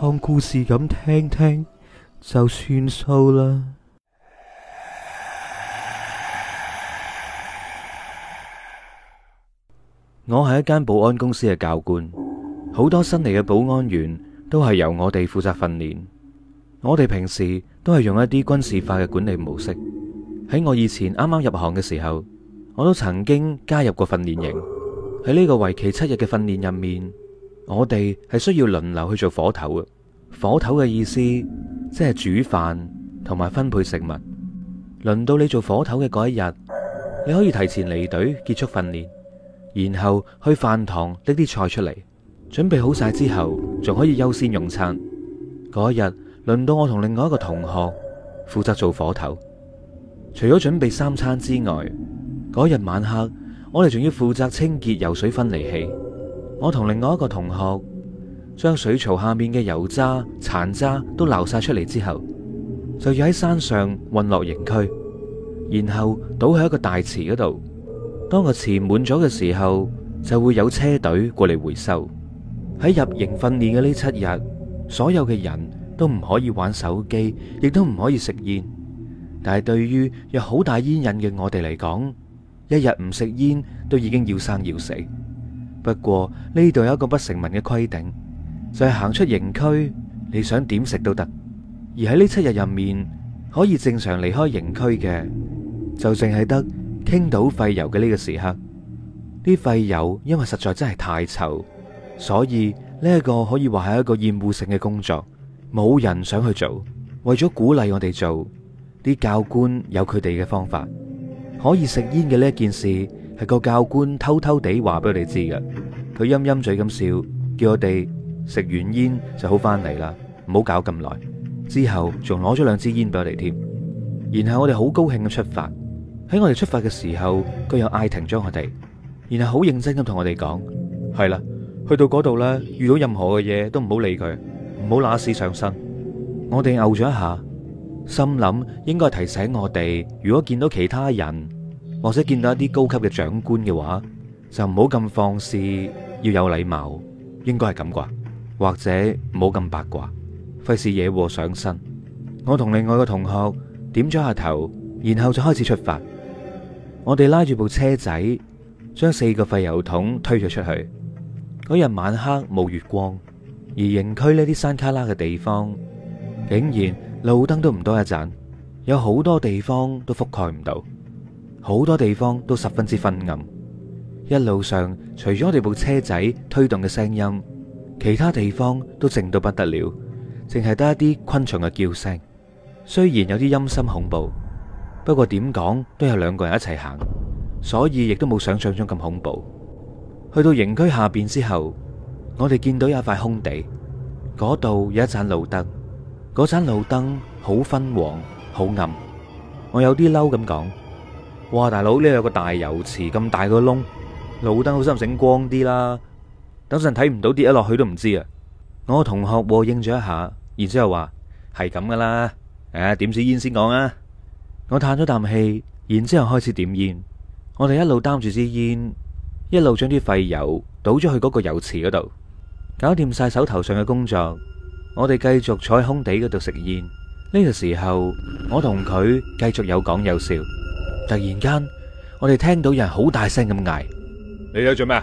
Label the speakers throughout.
Speaker 1: 當故事咁聽聽，就算數啦。我係一間保安公司嘅教官，好多新嚟嘅保安員都係由我哋負責訓練。我哋平時都係用一啲軍事化嘅管理模式。喺我以前啱啱入行嘅時候，我都曾經加入過訓練營。喺呢個為期七日嘅訓練入面。我哋係需要輪流去做火頭。火頭嘅意思即係煮飯同埋分配食物。輪到你做火頭嘅嗰一日，你可以提前離隊結束訓練，然後去飯堂拎啲菜出嚟，準備好晒之後，仲可以優先用餐。嗰日輪到我同另外一個同學負責做火頭。除咗準備三餐之外，嗰日晚黑我哋仲要負責清潔油水分離器。我同另外一個同學將水槽下面嘅油渣殘渣都撈晒出嚟之後，就要喺山上運落營區，然後倒喺一個大池嗰度。當個池滿咗嘅時候，就會有車隊過嚟回收。喺入營訓練嘅呢七日，所有嘅人都唔可以玩手機，亦都唔可以食煙。但係對於有好大煙癮嘅我哋嚟講，一日唔食煙都已經要生要死。不過呢度有一個不成文嘅規定，就係行出營區，你想點食都得。而喺呢七日入面，可以正常離開營區嘅，就淨係得傾倒廢油嘅呢個時刻。啲廢油因為實在真係太臭，所以呢一個可以話係一個厭惡性嘅工作，冇人想去做。為咗鼓勵我哋做，啲教官有佢哋嘅方法，可以食煙嘅呢件事。係個教官偷偷地話俾我哋知嘅，佢陰陰嘴咁笑，叫我哋食完煙就好翻嚟啦，唔好搞咁耐。之後仲攞咗兩支煙俾我哋添，然後我哋好高興咁出發。喺我哋出發嘅時候，佢又嗌停咗我哋，然後好認真咁同我哋講：係啦，去到嗰度咧，遇到任何嘅嘢都唔好理佢，唔好攞屎上身。我哋嘔咗一下，心諗應該係提醒我哋，如果見到其他人。或者見到一啲高級嘅長官嘅話，就唔好咁放肆，要有禮貌，應該係咁啩。或者唔好咁八卦，費事惹禍上身。我同另外個同學點咗下頭，然後就開始出發。我哋拉住部車仔，將四個廢油桶推咗出去。嗰日晚黑冇月光，而營區呢啲山卡拉嘅地方，竟然路燈都唔多一盞，有好多地方都覆蓋唔到。好多地方都十分之昏暗，一路上除咗我哋部車仔推動嘅聲音，其他地方都靜到不得了，淨係得一啲昆蟲嘅叫聲。雖然有啲陰森恐怖，不過點講都有兩個人一齊行，所以亦都冇想象中咁恐怖。去到營區下邊之後，我哋見到有一塊空地，嗰度有一盞路燈，嗰盞路燈好昏黃，好暗。我有啲嬲咁講。哇！大佬呢，有個大油池咁大個窿，路燈好心醒，光啲啦。等陣睇唔到跌一落去都唔知啊。我同學和應咗一下，然之後話係咁噶啦。誒、啊，點支煙先講啊？我嘆咗啖氣，然之後開始點煙。我哋一路擔住支煙，一路將啲廢油倒咗去嗰個油池嗰度，搞掂晒手頭上嘅工作。我哋繼續坐喺空地嗰度食煙。呢、這個時候，我同佢繼續有講有笑。突然間，我哋聽到有人好大聲咁嗌，你喺做咩？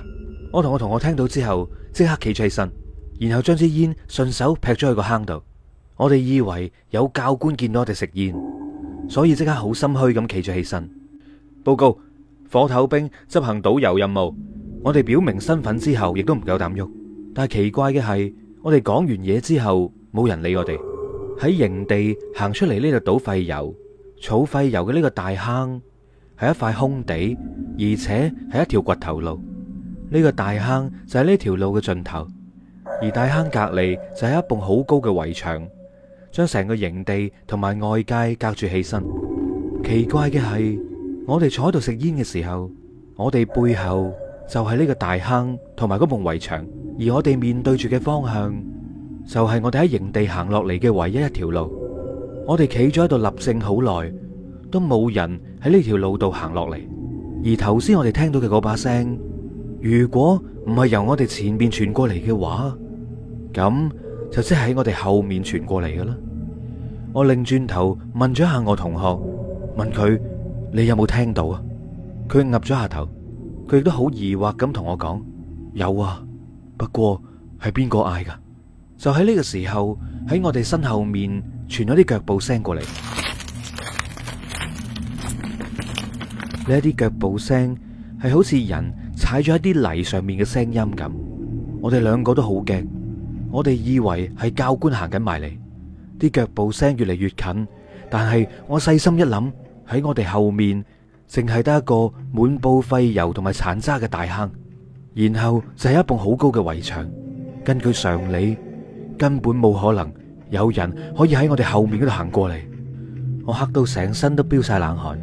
Speaker 1: 我同我同學聽到之後，即刻企咗起身，然後將支煙順手劈咗去個坑度。我哋以為有教官見到我哋食煙，所以即刻好心虛咁企咗起身報告。火頭兵執行導油任務，我哋表明身份之後，亦都唔夠膽喐。但係奇怪嘅係，我哋講完嘢之後，冇人理我哋。喺營地行出嚟呢度倒廢油、儲廢油嘅呢個大坑。係一塊空地，而且係一條掘頭路。呢、這個大坑就係呢條路嘅盡頭，而大坑隔籬就係一埲好高嘅圍牆，將成個營地同埋外界隔住起身。奇怪嘅係，我哋坐喺度食煙嘅時候，我哋背後就係呢個大坑同埋嗰埲圍牆，而我哋面對住嘅方向就係我哋喺營地行落嚟嘅唯一一條路。我哋企咗喺度立正好耐。都冇人喺呢條路度行落嚟，而頭先我哋聽到嘅嗰把聲，如果唔係由我哋前面傳過嚟嘅話，咁就即係喺我哋後面傳過嚟嘅啦。我擰轉轉頭問咗下我同學，問佢：你有冇聽到啊？佢岌咗下頭，佢亦都好疑惑咁同我講：有啊，不過係邊個嗌噶？就喺呢個時候，喺我哋身後面傳咗啲腳步聲過嚟。呢啲腳步聲係好似人踩咗一啲泥上面嘅聲音咁，我哋兩個都好驚，我哋以為係教官行緊埋嚟，啲腳步聲越嚟越近，但係我細心一諗，喺我哋後面淨係得一個滿佈廢油同埋殘渣嘅大坑，然後就係一埲好高嘅圍牆，根據常理根本冇可能有人可以喺我哋後面嗰度行過嚟，我嚇到成身都飆晒冷汗。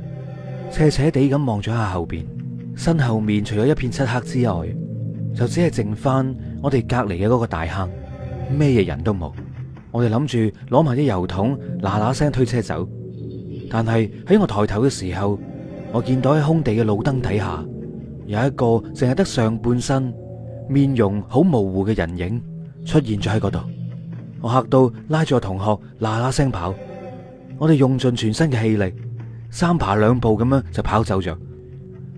Speaker 1: 斜斜地咁望咗下後邊，身後面除咗一片漆黑之外，就只係剩翻我哋隔籬嘅嗰個大坑，咩嘢人都冇。我哋諗住攞埋啲油桶，嗱嗱聲推車走。但係喺我抬頭嘅時候，我見到喺空地嘅路燈底下，有一個淨係得上半身、面容好模糊嘅人影出現咗喺嗰度。我嚇到拉住我同學，嗱嗱聲跑。我哋用盡全身嘅氣力。三爬兩步咁樣就跑走咗。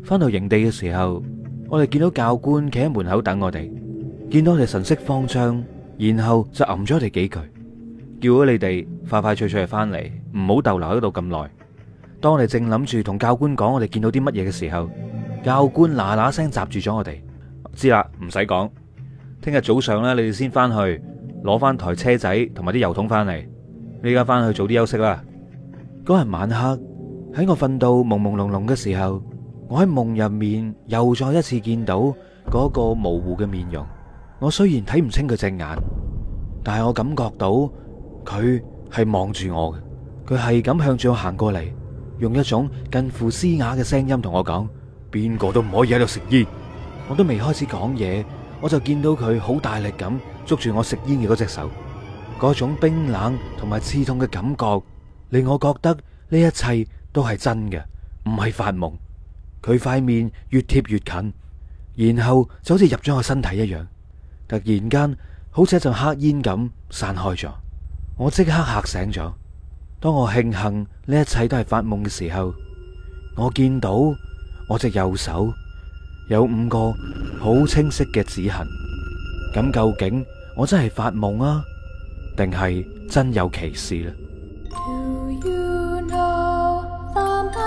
Speaker 1: 翻到營地嘅時候，我哋見到教官企喺門口等我哋，見到我哋神色慌張，然後就冚咗我哋幾句，叫咗你哋快快脆脆嚟翻嚟，唔好逗留喺度咁耐。當我哋正諗住同教官講我哋見到啲乜嘢嘅時候，教官嗱嗱聲閘住咗我哋，知啦，唔使講，聽日早上咧你哋先翻去攞翻台車仔同埋啲油桶翻嚟。你而家翻去早啲休息啦。嗰日晚黑。喺我瞓到朦朦朧朧嘅時候，我喺夢入面又再一次見到嗰個模糊嘅面容。我雖然睇唔清佢隻眼，但係我感覺到佢係望住我嘅。佢係咁向住我行過嚟，用一種近乎嘶啞嘅聲音同我講：邊個都唔可以喺度食煙。我都未開始講嘢，我就見到佢好大力咁捉住我食煙嘅嗰隻手，嗰種冰冷同埋刺痛嘅感覺令我覺得呢一切都係真嘅，唔係發夢。佢塊面越貼越近，然後就好似入咗個身體一樣。突然間，好似一陣黑煙咁散開咗。我即刻嚇醒咗。當我慶幸呢一切都係發夢嘅時候，我見到我隻右手有五個好清晰嘅指痕。咁究竟我真係發夢啊，定係真有其事咧，啊？